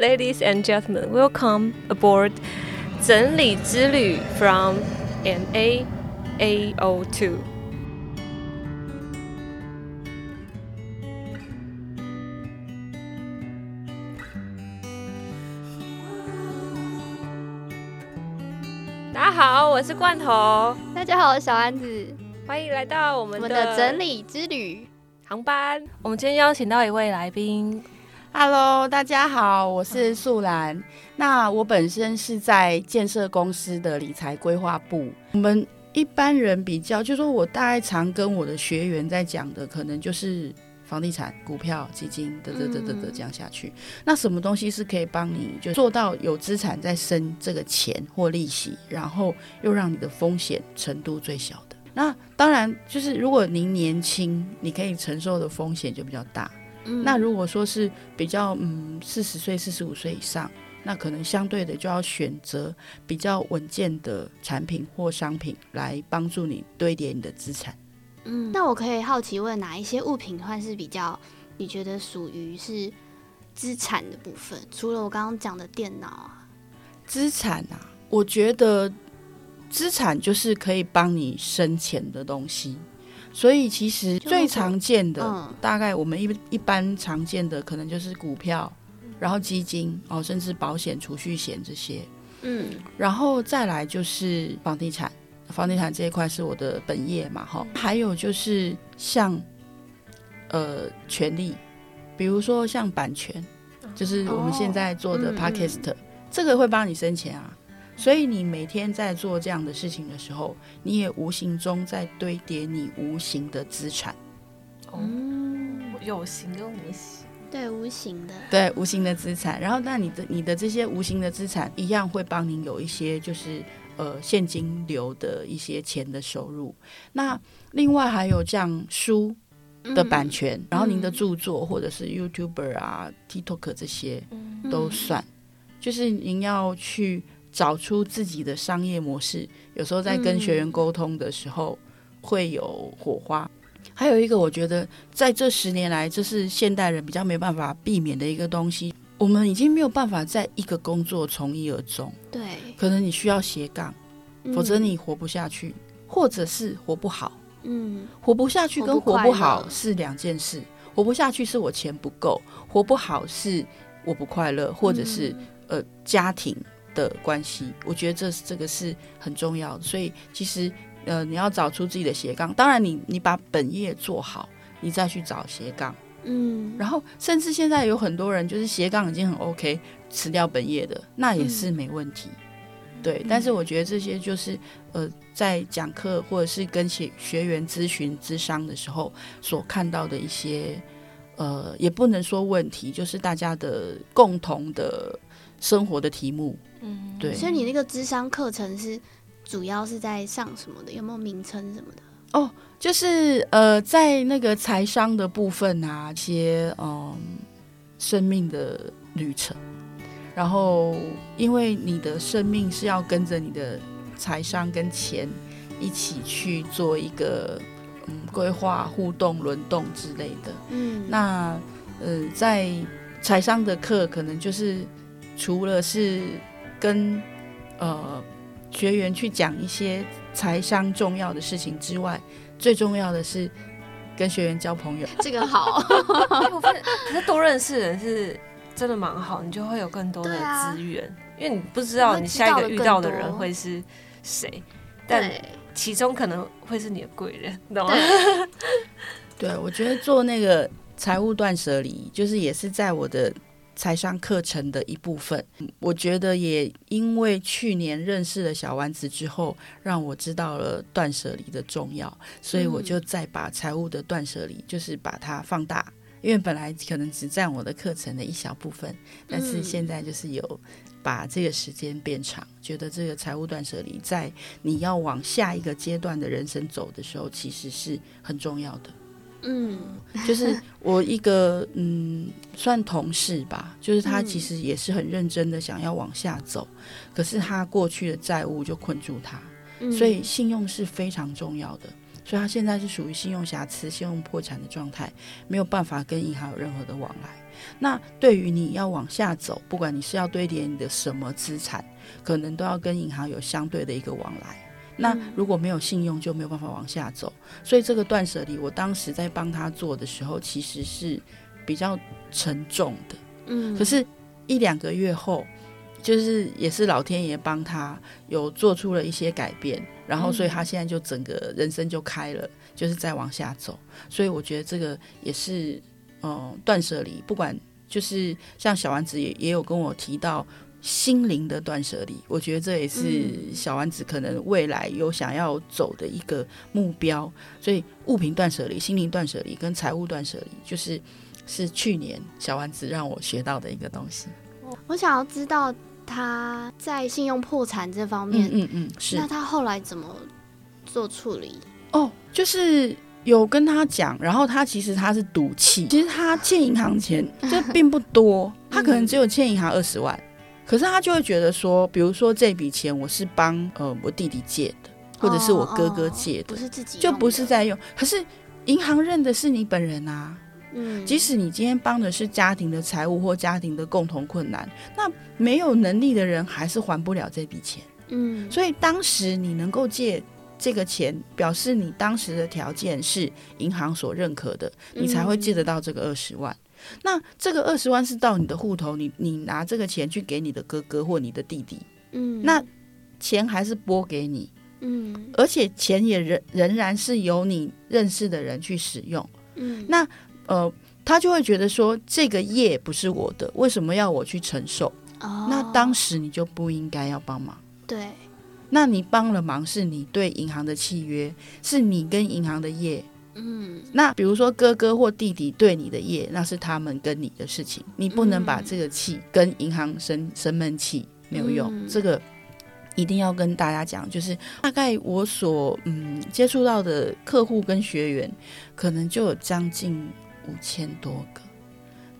Ladies and gentlemen, welcome aboard！整理之旅 from NAAO2。大家好，我是罐頭。大家好，我是小安子。歡迎來到我們的,我們的整理之旅航班。我們今天邀請到一位來賓。Hello，大家好，我是素蘭。嗯、那我本身是在建設公司的理財規劃部。我們一般人比較，就說我大概常跟我的學員在講的，可能就是房地產、股票、基金，等等等等等，這樣下去。嗯、那什麼東西是可以幫你就做到有資產在生這個錢或利息，然後又讓你的風險程度最小的？那當然就是如果您年輕，你可以承受的風險就比較大。那如果說是比較，嗯，四十歲、四十五歲以上，那可能相對的就要選擇比較穩健的產品或商品來幫助你堆疊你的資產。嗯，那我可以好奇問哪一些物品算是比較，你覺得屬於是資產的部分？除了我剛剛講的電腦啊。資產啊，我覺得資產就是可以幫你生錢的東西。所以其實最常見的，大概我們一一般常見的可能就是股票，嗯、然後基金哦，甚至保險、儲蓄險這些。嗯，然後再來就是房地產，房地產這一塊是我的本業嘛，哈、哦。嗯、還有就是像，呃，權利，比如說像版權，哦、就是我們現在做的 Podcast，、哦嗯、這個會幫你生錢啊。所以你每天在做這樣的事情的時候，你也無形中在堆疊你無形的資產。哦，有形跟無形，對無形的，對無形的資產。然後，那你的你的這些無形的資產，一樣會幫您有一些就是呃現金流的一些錢的收入。那另外還有像書的版權，嗯、然後您的著作或者是 YouTuber 啊、嗯、TikTok 這些都算，就是您要去。找出自己的商業模式，有時候在跟學員溝通的時候會有火花。嗯、還有一個，我覺得在這十年來，這是現代人比較沒辦法避免的一個東西。我們已經沒有辦法在一個工作從一而終。對，可能你需要斜槓，否則你活不下去，或者是活不好。嗯，活不下去跟活不好是兩件事。活不，活不下去是我錢不夠，活不好是我不快樂，或者是、嗯、呃家庭。的關係，我覺得這這個是很重要的。所以其實，呃，你要找出自己的斜槓。當然你，你你把本業做好，你再去找斜槓。嗯，然後甚至現在有很多人就是斜槓已經很 OK，辭掉本業的那也是沒問題。嗯、對，嗯、但是我覺得這些就是呃，在講課或者是跟學學員諮詢諮商的時候所看到的一些呃，也不能說問題，就是大家的共同的生活的題目。嗯，對，所以你那個財商課程是主要是在上什麼的？有沒有名稱什麼的？哦，就是呃，在那個財商的部分啊，一些嗯生命的旅程。然後，因為你的生命是要跟着你的財商跟錢一起去做一個嗯規劃、互動、輪動之類的。嗯，那呃，在財商的課可能就是除了是。跟呃學員去講一些財商重要的事情之外，最重要的是跟學員交朋友。這個好，我發現其實多認識人是真的蠻好，你就會有更多的資源，啊，因為你不知道你下一個遇到的人會是誰，但其中可能會是你的貴人，對懂嗎？對，我覺得做那個財務斷舍離，就是也是在我的。財商課程的一部分，我覺得也因為去年認識了小丸子之後，讓我知道了斷捨離的重要，所以我就再把財務的斷捨離，就是把它放大，因為本來可能只佔我的課程的一小部分，但是現在就是有把這個時間變長，覺得這個財務斷捨離在你要往下一個階段的人生走的時候，其實是很重要的。嗯，就是我一個嗯，算同事吧，就是他其實也是很認真的想要往下走，可是他過去的債務就困住他，所以信用是非常重要的，所以他現在是屬於信用瑕疵，信用破產的狀態，沒有辦法跟銀行有任何的往來。那對於你要往下走，不管你是要堆疊你的什麼資產，可能都要跟銀行有相對的一個往來。那如果沒有信用，就沒有辦法往下走。嗯、所以這個斷捨離，我當時在幫他做的時候，其實是比較沉重的。嗯，可是，一兩個月後，就是也是老天爺幫他有做出了一些改變，然後所以他現在就整個人生就開了，嗯、就是在往下走。所以我覺得這個也是，嗯，斷捨離，不管就是像小諳子也也有跟我提到。心靈的斷捨離，我覺得這也是小丸子可能未來有想要走的一個目標。所以物品斷捨離、心靈斷捨離跟財務斷捨離，就是是去年小丸子讓我學到的一個東西。我想要知道他在信用破產這方面，嗯嗯，嗯，是。那他後來怎麼做處理？哦，oh, 就是有跟他講，然後他其實他是賭氣，其實他欠銀行錢就並不多， 他可能只有欠銀行二十萬。可是他就會覺得說，比如說這筆錢我是幫呃我弟弟借的，或者是我哥哥借的，哦哦、不是自己就不是在用。可是銀行認的是你本人啊，嗯，即使你今天幫的是家庭的財務或家庭的共同困難，那沒有能力的人還是還不了這筆錢，嗯，所以當時你能夠借這個錢，表示你當時的條件是銀行所認可的，你才會借得到這個二十萬。那這個二十萬是到你的戶頭，你你拿這個錢去給你的哥哥或你的弟弟，嗯，那錢還是撥給你，嗯，而且錢也仍仍然是由你認識的人去使用，嗯，那呃，他就會覺得說，這個業不是我的，為什麼要我去承受？哦，那當時你就不應該要幫忙，對，那你幫了忙，是你對銀行的契約，是你跟銀行的業。嗯，那比如說哥哥或弟弟對你的業，那是他們跟你的事情，你不能把這個氣跟銀行生生悶氣，沒有用。嗯、這個一定要跟大家講，就是大概我所嗯接觸到的客戶跟學員，可能就有將近五千多個，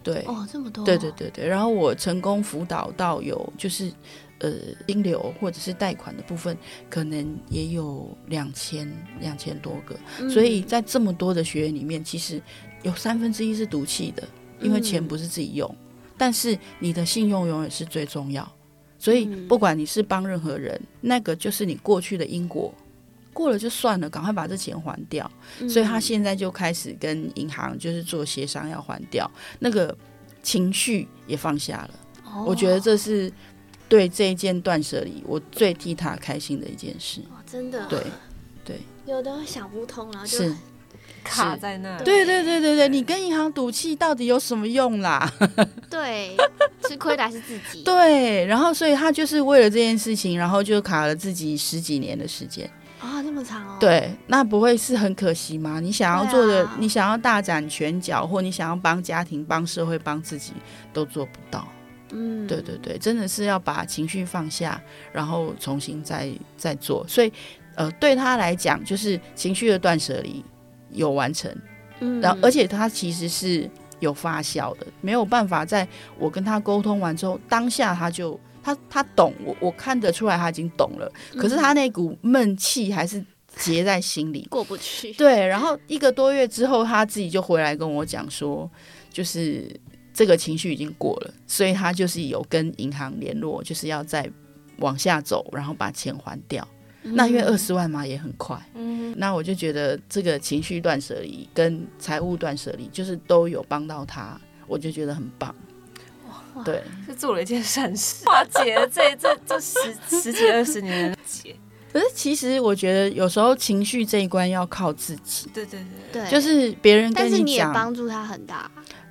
對，哦，這麼多，對對對對，然後我成功輔導到有就是。呃，金流或者是貸款的部分，可能也有兩千兩千多個，嗯、所以在這麼多的學員裡面，其實有三分之一是賭氣的，因為錢不是自己用，嗯、但是你的信用永遠是最重要，所以不管你是幫任何人，嗯、那個就是你過去的因果，過了就算了，趕快把這錢還掉，嗯、所以他現在就開始跟銀行就是做協商，要還掉，那個情緒也放下了，哦、我覺得這是。對這一件斷舍離，我最替他開心的一件事。哦、真的。對對。對，有的會想不通，然後就是卡在那。對對對對對，你跟銀行賭氣到底有什麼用啦？對， 吃虧的還是自己。對，然後所以他就是為了這件事情，然後就卡了自己十幾年的時間。啊、哦，那麼長哦。對，那不會是很可惜嗎？你想要做的，啊、你想要大展拳腳，或你想要幫家庭、幫社會、幫自己，都做不到。嗯，對對對，真的是要把情緒放下，然後重新再再做。所以，呃，對他來講，就是情緒的斷捨離有完成，嗯，然後而且他其實是有發酵的，沒有辦法在我跟他溝通完之後，當下他就他他懂我，我看得出來他已經懂了，可是他那股悶氣還是結在心裡，過不去。對，然後一個多月之後，他自己就回來跟我講說，就是。這個情緒已經過了，所以他就是有跟銀行聯絡，就是要再往下走，然後把錢還掉。嗯、哼那因為二十萬嘛也很快，嗯哼，那我就覺得這個情緒斷捨離跟財務斷捨離就是都有幫到他，我就覺得很棒。哇對，就做了一件善事，化解了這這這十十幾二十年的結。可是其實我覺得有時候情緒這一關要靠自己，對對對，對，就是別人跟你講，但是你也幫助他很大。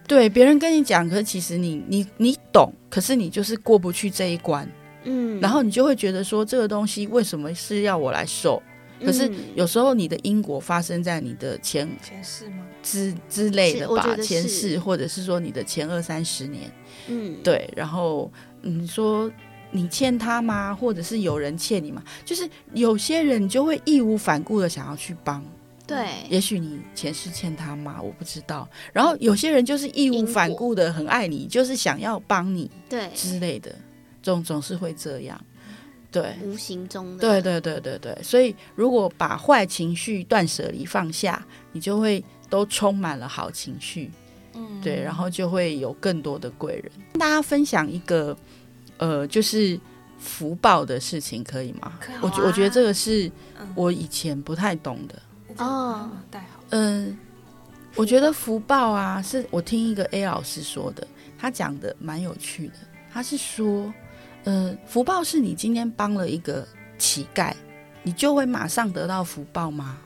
對，別人跟你講，可是其實你你你懂，可是你就是過不去這一關，嗯，然後你就會覺得說這個東西為什麼是要我來受？嗯，可是有時候你的因果發生在你的前前世嗎？之之類的吧，前世或者是說你的前二三十年，嗯，對，然後你說你欠他嗎？或者是有人欠你嗎？就是有些人你就會義無反顧的想要去幫。對，嗯、也許你前世欠他媽，我不知道。然後有些人就是義無反顧的很愛你，國就是想要幫你，對，之類的，總總是會這樣，對，無形中的，對，對對對對對。所以如果把壞情緒斷舍離放下，你就會都充滿了好情緒，嗯，對，然後就會有更多的貴人。跟大家分享一個，呃，就是福報的事情，可以嗎？可以啊、我我覺得這個是我以前不太懂的。嗯哦，嗯、oh. 呃，我覺得福報啊，是我聽一個 A 老師說的，他講的蠻有趣的。他是說，呃，福報是你今天幫了一個乞丐，你就會馬上得到福報嗎？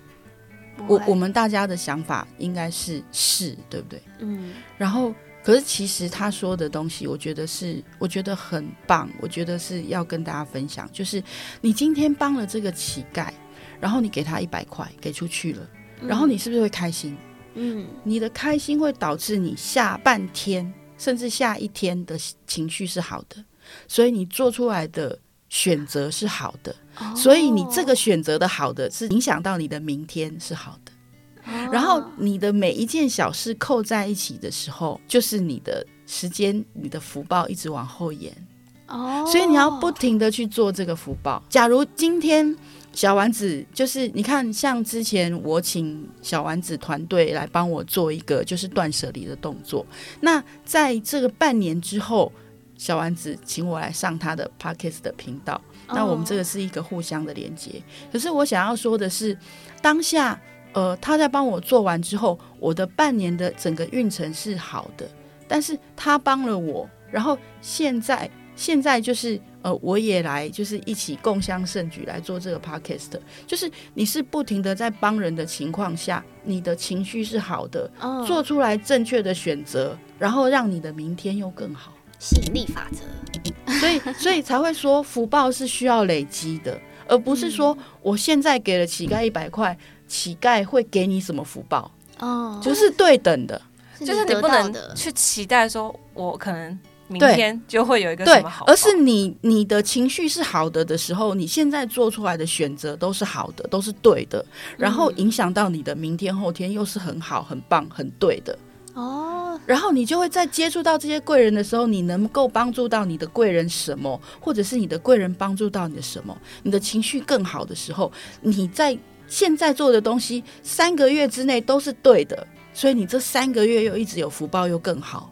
會我我們大家的想法應該是，是，對不對？嗯。然後，可是其實他說的東西，我覺得是，我覺得很棒，我覺得是要跟大家分享，就是你今天幫了這個乞丐。然後你給他一百塊，給出去了，嗯、然後你是不是會開心？嗯，你的開心會導致你下半天，甚至下一天的情緒是好的，所以你做出來的選擇是好的，哦、所以你這個選擇的好的是影響到你的明天是好的。哦、然後你的每一件小事扣在一起的時候，就是你的時間，你的福報一直往後延。哦，所以你要不停的去做這個福報。假如今天。小丸子就是你看，像之前我請小丸子團隊來幫我做一個就是斷舍離的動作。那在這個半年之後，小丸子請我來上他的 Podcast 的頻道。那我們這個是一個互相的連接。可是我想要說的是，當下呃他在幫我做完之後，我的半年的整個運程是好的。但是他幫了我，然後現在現在就是。呃，我也來，就是一起共襄盛舉來做這個 podcast 就是你是不停的在幫人的情況下，你的情緒是好的，oh. 做出來正確的選擇，然後讓你的明天又更好。吸引力法則， 所以所以才會說福報是需要累積的，而不是說我現在給了乞丐一百塊，乞丐會給你什麼福報？哦，oh. 就是對等的，是的就是你不能去期待說，我可能。明天就會有一個什麼好報，對，而是你你的情緒是好的的時候，你現在做出來的選擇都是好的，都是對的，然後影響到你的明天後天又是很好很棒很對的哦。然後你就會在接觸到這些貴人的時候，你能夠幫助到你的貴人什麼，或者是你的貴人幫助到你的什麼，你的情緒更好的時候，你在現在做的東西三個月之內都是對的，所以你這三個月又一直有福報又更好。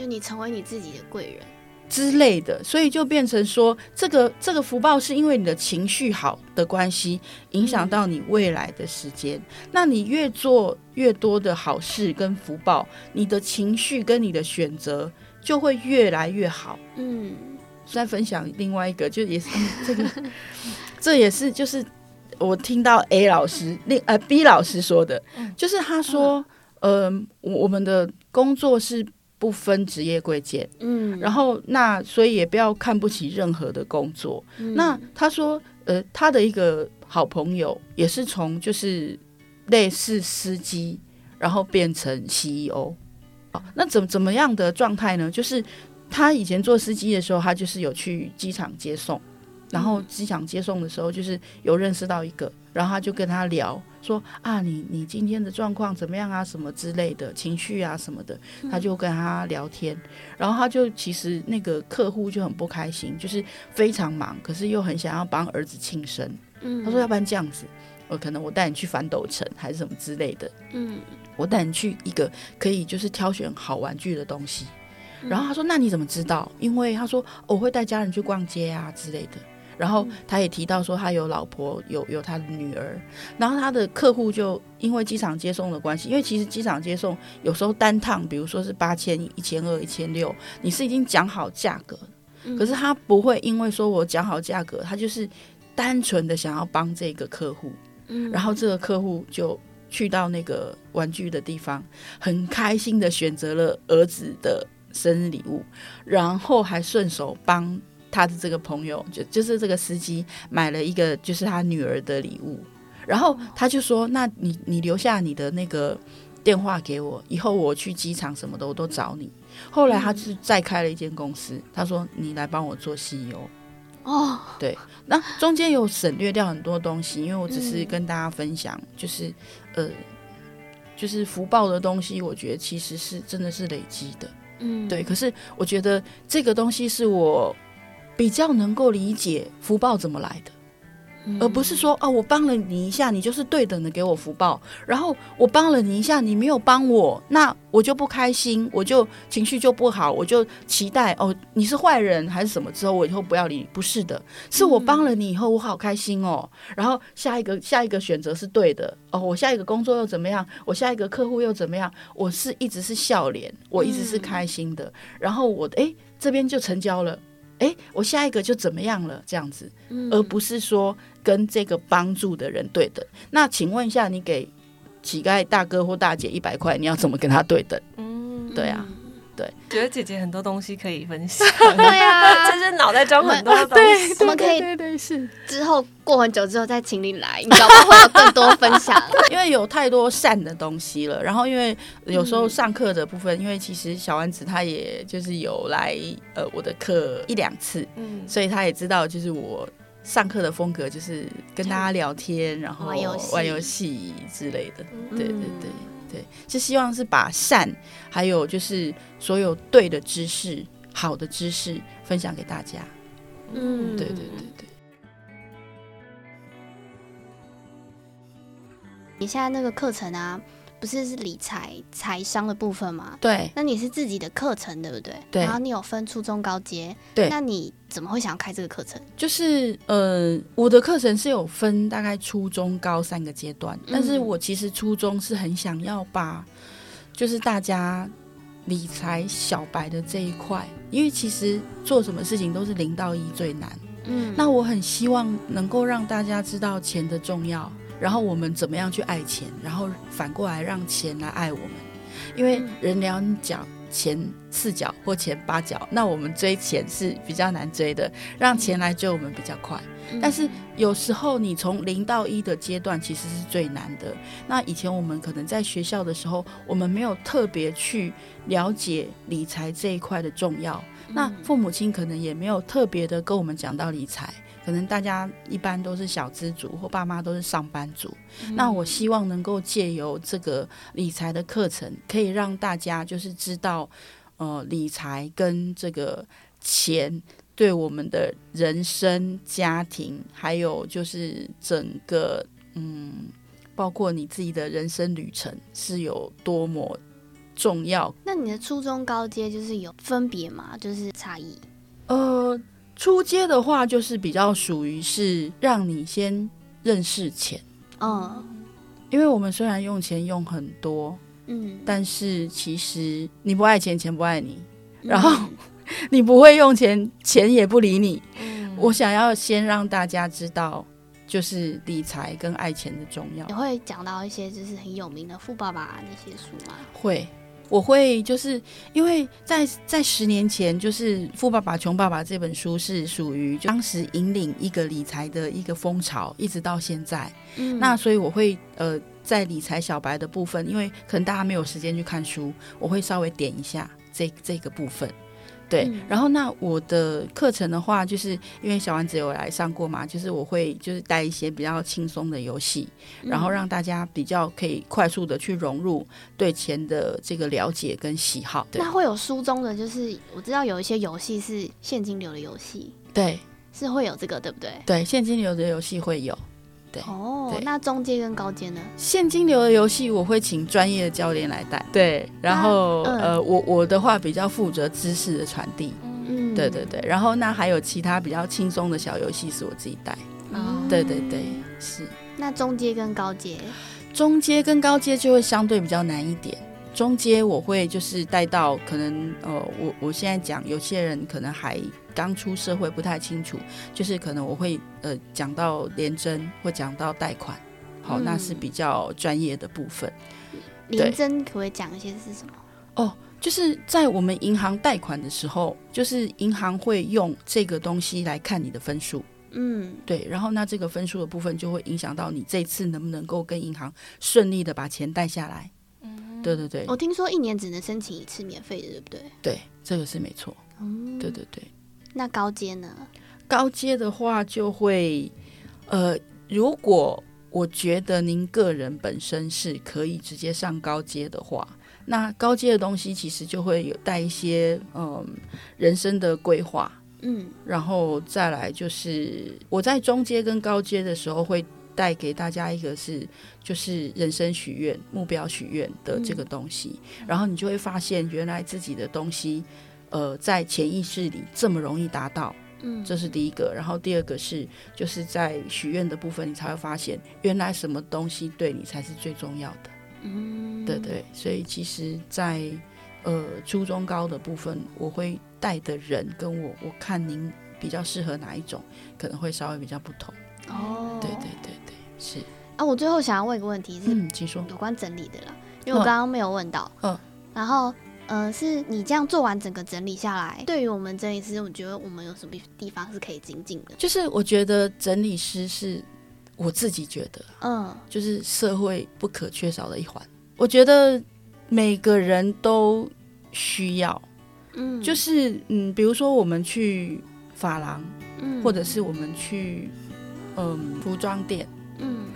就你成為你自己的貴人之類的，所以就變成說，這個這個福報是因為你的情緒好的關係，影響到你未來的時間。嗯、那你越做越多的好事跟福報，你的情緒跟你的選擇就會越來越好。嗯，再分享另外一個，就也是、嗯、這個， 這也是就是我聽到 A 老師另 呃 B 老師說的，嗯、就是他說，嗯、呃我，我們的工作是。不分職業貴賤，嗯，然後那所以也不要看不起任何的工作。嗯、那他說，呃，他的一個好朋友也是從就是類似司機，然後變成 CEO，哦，那怎麼怎麼樣的狀態呢？就是他以前做司機的時候，他就是有去機場接送。然後機場接送的時候，就是有認識到一個，嗯、然後他就跟他聊說啊，你你今天的狀況怎麼樣啊，什麼之類的情緒啊什麼的，他就跟他聊天。嗯、然後他就其實那個客戶就很不開心，就是非常忙，可是又很想要幫兒子慶生。嗯，他說要不然這樣子，我可能我帶你去反斗城還是什麼之類的。嗯，我帶你去一個可以就是挑選好玩具的東西。嗯、然後他說那你怎麼知道？因為他說、哦、我會帶家人去逛街啊之類的。然後他也提到說，他有老婆，有有他的女兒。然後他的客戶就因為機場接送的關係，因為其實機場接送有時候單趟，比如說是八千、一千二、一千六，你是已經講好價格。可是他不會因為說我講好價格，他就是單純的想要幫這個客戶。嗯，然後這個客戶就去到那個玩具的地方，很開心的選擇了兒子的生日禮物，然後還順手幫。他的這個朋友就就是這個司機買了一個就是他女兒的禮物，然後他就說：“那你你留下你的那個電話給我，以後我去機場什麼的我都找你。”後來他就再開了一間公司，他說：“你來幫我做 CEO。”哦，對，那中間有省略掉很多東西，因為我只是跟大家分享，就是呃，就是福報的東西，我覺得其實是真的是累積的，嗯，對。可是我覺得這個東西是我。比較能夠理解福報怎麼來的，嗯、而不是說哦，我幫了你一下，你就是對等的給我福報。然後我幫了你一下，你沒有幫我，那我就不開心，我就情緒就不好，我就期待哦，你是壞人還是什麼？之後我以後不要理你。不是的，是我幫了你以後，我好開心哦。然後下一個下一個選擇是對的哦，我下一個工作又怎麼樣？我下一個客戶又怎麼樣？我是一直是笑臉，我一直是開心的。嗯、然後我誒、欸、這邊就成交了。哎、欸，我下一個就怎麼樣了？這樣子，而不是說跟這個幫助的人對等。那請問一下，你給乞丐大哥或大姐一百塊，你要怎麼跟他對等？嗯，對啊。對，覺得姐姐很多東西可以分享， 對呀、啊，就是腦袋裝很多東西， 對，怎麼可以？對對是。之後過很久之後再請你來， 你知道嗎？會有更多分享，因為有太多善的東西了。然後因為有時候上課的部分，嗯、因為其實小諳子他也就是有來呃我的課一兩次，嗯，所以他也知道就是我上課的風格就是跟大家聊天，然後玩遊戲之類的，嗯、對對對。對，就希望是把善，還有就是所有對的知識、好的知識分享給大家。嗯，對，對對對對。你現在那個課程啊？不是，是理財財商的部分嗎？對，那你是自己的課程對不對？對，然後你有分初中高階，對，那你怎麼會想要開這個課程？就是呃，我的課程是有分大概初中高三個階段，嗯、但是我其實初中是很想要把，就是大家理財小白的這一塊，因為其實做什麼事情都是零到一最難，嗯，那我很希望能夠讓大家知道錢的重要。然後我們怎麼樣去愛錢？然後反過來讓錢來愛我們，因為人兩腳，錢四腳或錢八腳，那我們追錢是比較難追的，讓錢來追我們比較快。但是有時候你從零到一的階段其實是最難的。那以前我們可能在學校的時候，我們沒有特別去了解理財這一塊的重要，那父母親可能也沒有特別的跟我們講到理財。可能大家一般都是小資族，或爸媽都是上班族。嗯。那我希望能夠借由這個理財的課程，可以讓大家就是知道，呃，理財跟這個錢對我們的人生、家庭，還有就是整個嗯，包括你自己的人生旅程是有多麼重要。那你的初中高階就是有分別嗎？就是差異？呃。出街的話，就是比較屬於是讓你先認識錢，嗯，因為我們雖然用錢用很多，嗯，但是其實你不愛錢，錢不愛你；然後你不會用錢，錢也不理你。我想要先讓大家知道，就是理財跟愛錢的重要。你會講到一些就是很有名的富爸爸那些書嗎？會。我會就是，因為在在十年前，就是《富爸爸窮爸爸》這本書是屬於就當時引領一個理財的一個風潮，一直到現在。嗯。那所以我會呃，在理財小白的部分，因為可能大家沒有時間去看書，我會稍微點一下這這個部分。對，然後那我的課程的話，就是因為小丸子有來上過嘛，就是我會就是帶一些比較輕鬆的遊戲，然後讓大家比較可以快速的去融入對錢的這個了解跟喜好，對。那會有書中的，就是我知道有一些遊戲是現金流的遊戲，對，是會有這個，對不對？對，現金流的遊戲會有。對哦，對那中階跟高階呢？現金流的遊戲我會請專業的教練來帶，對。然後、嗯、呃，我我的話比較負責知識的傳遞，嗯，嗯對對對。然後那還有其他比較輕鬆的小遊戲是我自己帶，嗯，對對對，是。那中階跟高階，中階跟高階就會相對比較難一點。中間我會就是帶到可能呃，我我現在講有些人可能還剛出社會不太清楚，就是可能我會呃講到聯徵或講到貸款，好、哦嗯、那是比較專業的部分。聯徵聯徵，對，可不可以講一些是什麼？哦，就是在我們銀行貸款的時候，就是銀行會用這個東西來看你的分數。嗯，對，然後那這個分數的部分就會影響到你這次能不能夠跟銀行順利的把錢貸下來。對對對，我聽說一年只能申請一次免費的，對不對？對，這個是沒錯。嗯，對對對。那高階呢？高階的話就會，呃，如果我覺得您個人本身是可以直接上高階的話，那高階的東西其實就會有帶一些，嗯，人生的規劃，嗯，然後再來就是我在中階跟高階的時候會。帶給大家一個是，就是人生許願、目標許願的這個東西，嗯、然後你就會發現，原來自己的東西，呃，在潛意識裡這麼容易達到，嗯，這是第一個。然後第二個是，就是在許願的部分，你才會發現，原來什麼東西對你才是最重要的，嗯，對對。所以其實在，在呃初中高的部分，我會帶的人跟我，我看您比較適合哪一種，可能會稍微比較不同，哦。是啊，我最後想要問一個問題，是有關整理的啦，嗯、請說，因為我剛剛沒有問到。嗯，嗯然後嗯、呃，是你這樣做完整個整理下來，對於我們整理師，我覺得我們有什麼地方是可以精進的？就是我覺得整理師是我自己覺得，嗯，就是社會不可缺少的一環。我覺得每個人都需要，嗯，就是嗯，比如說我們去髮廊，嗯，或者是我們去嗯服裝店。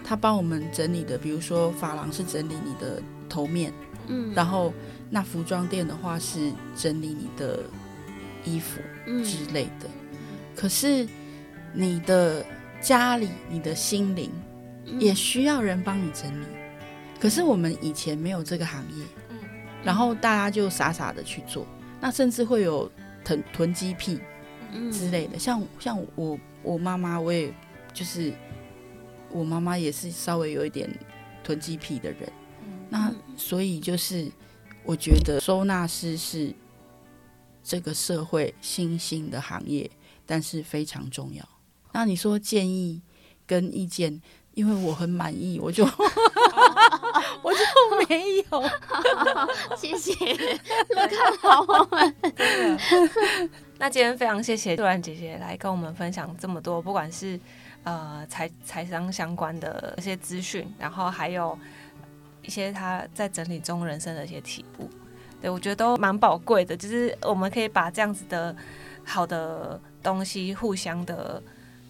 他幫我們整理的，比如說髮廊是整理你的頭面，嗯，然後那服裝店的話是整理你的衣服之類的。嗯、可是你的家裡、你的心靈也需要人幫你整理。嗯、可是我們以前沒有這個行業，嗯嗯、然後大家就傻傻的去做，那甚至會有囤囤積癖之類的。像像我我媽媽，我也就是。我媽媽也是稍微有一點囤積癖的人，那所以就是我覺得收納師是這個社會新興的行業，但是非常重要。那你說建議跟意見，因為我很滿意，我就我就沒有。謝謝，你們看好我們。那今天非常謝謝素蘭姐姐來跟我們分享這麼多，不管是。呃，財財商相關的一些資訊，然後還有一些他在整理中人生的一些體悟。對，我覺得都蠻寶貴的。就是我們可以把這樣子的好的東西互相的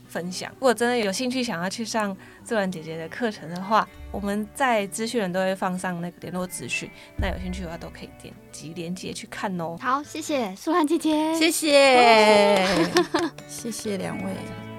分享。如果真的有興趣想要去上素蘭姐姐的課程的話，我們在資訊人都會放上那個聯絡資訊，那有興趣的話都可以點擊連結去看哦、喔。好，謝謝素蘭姐姐，謝謝，謝謝兩 位。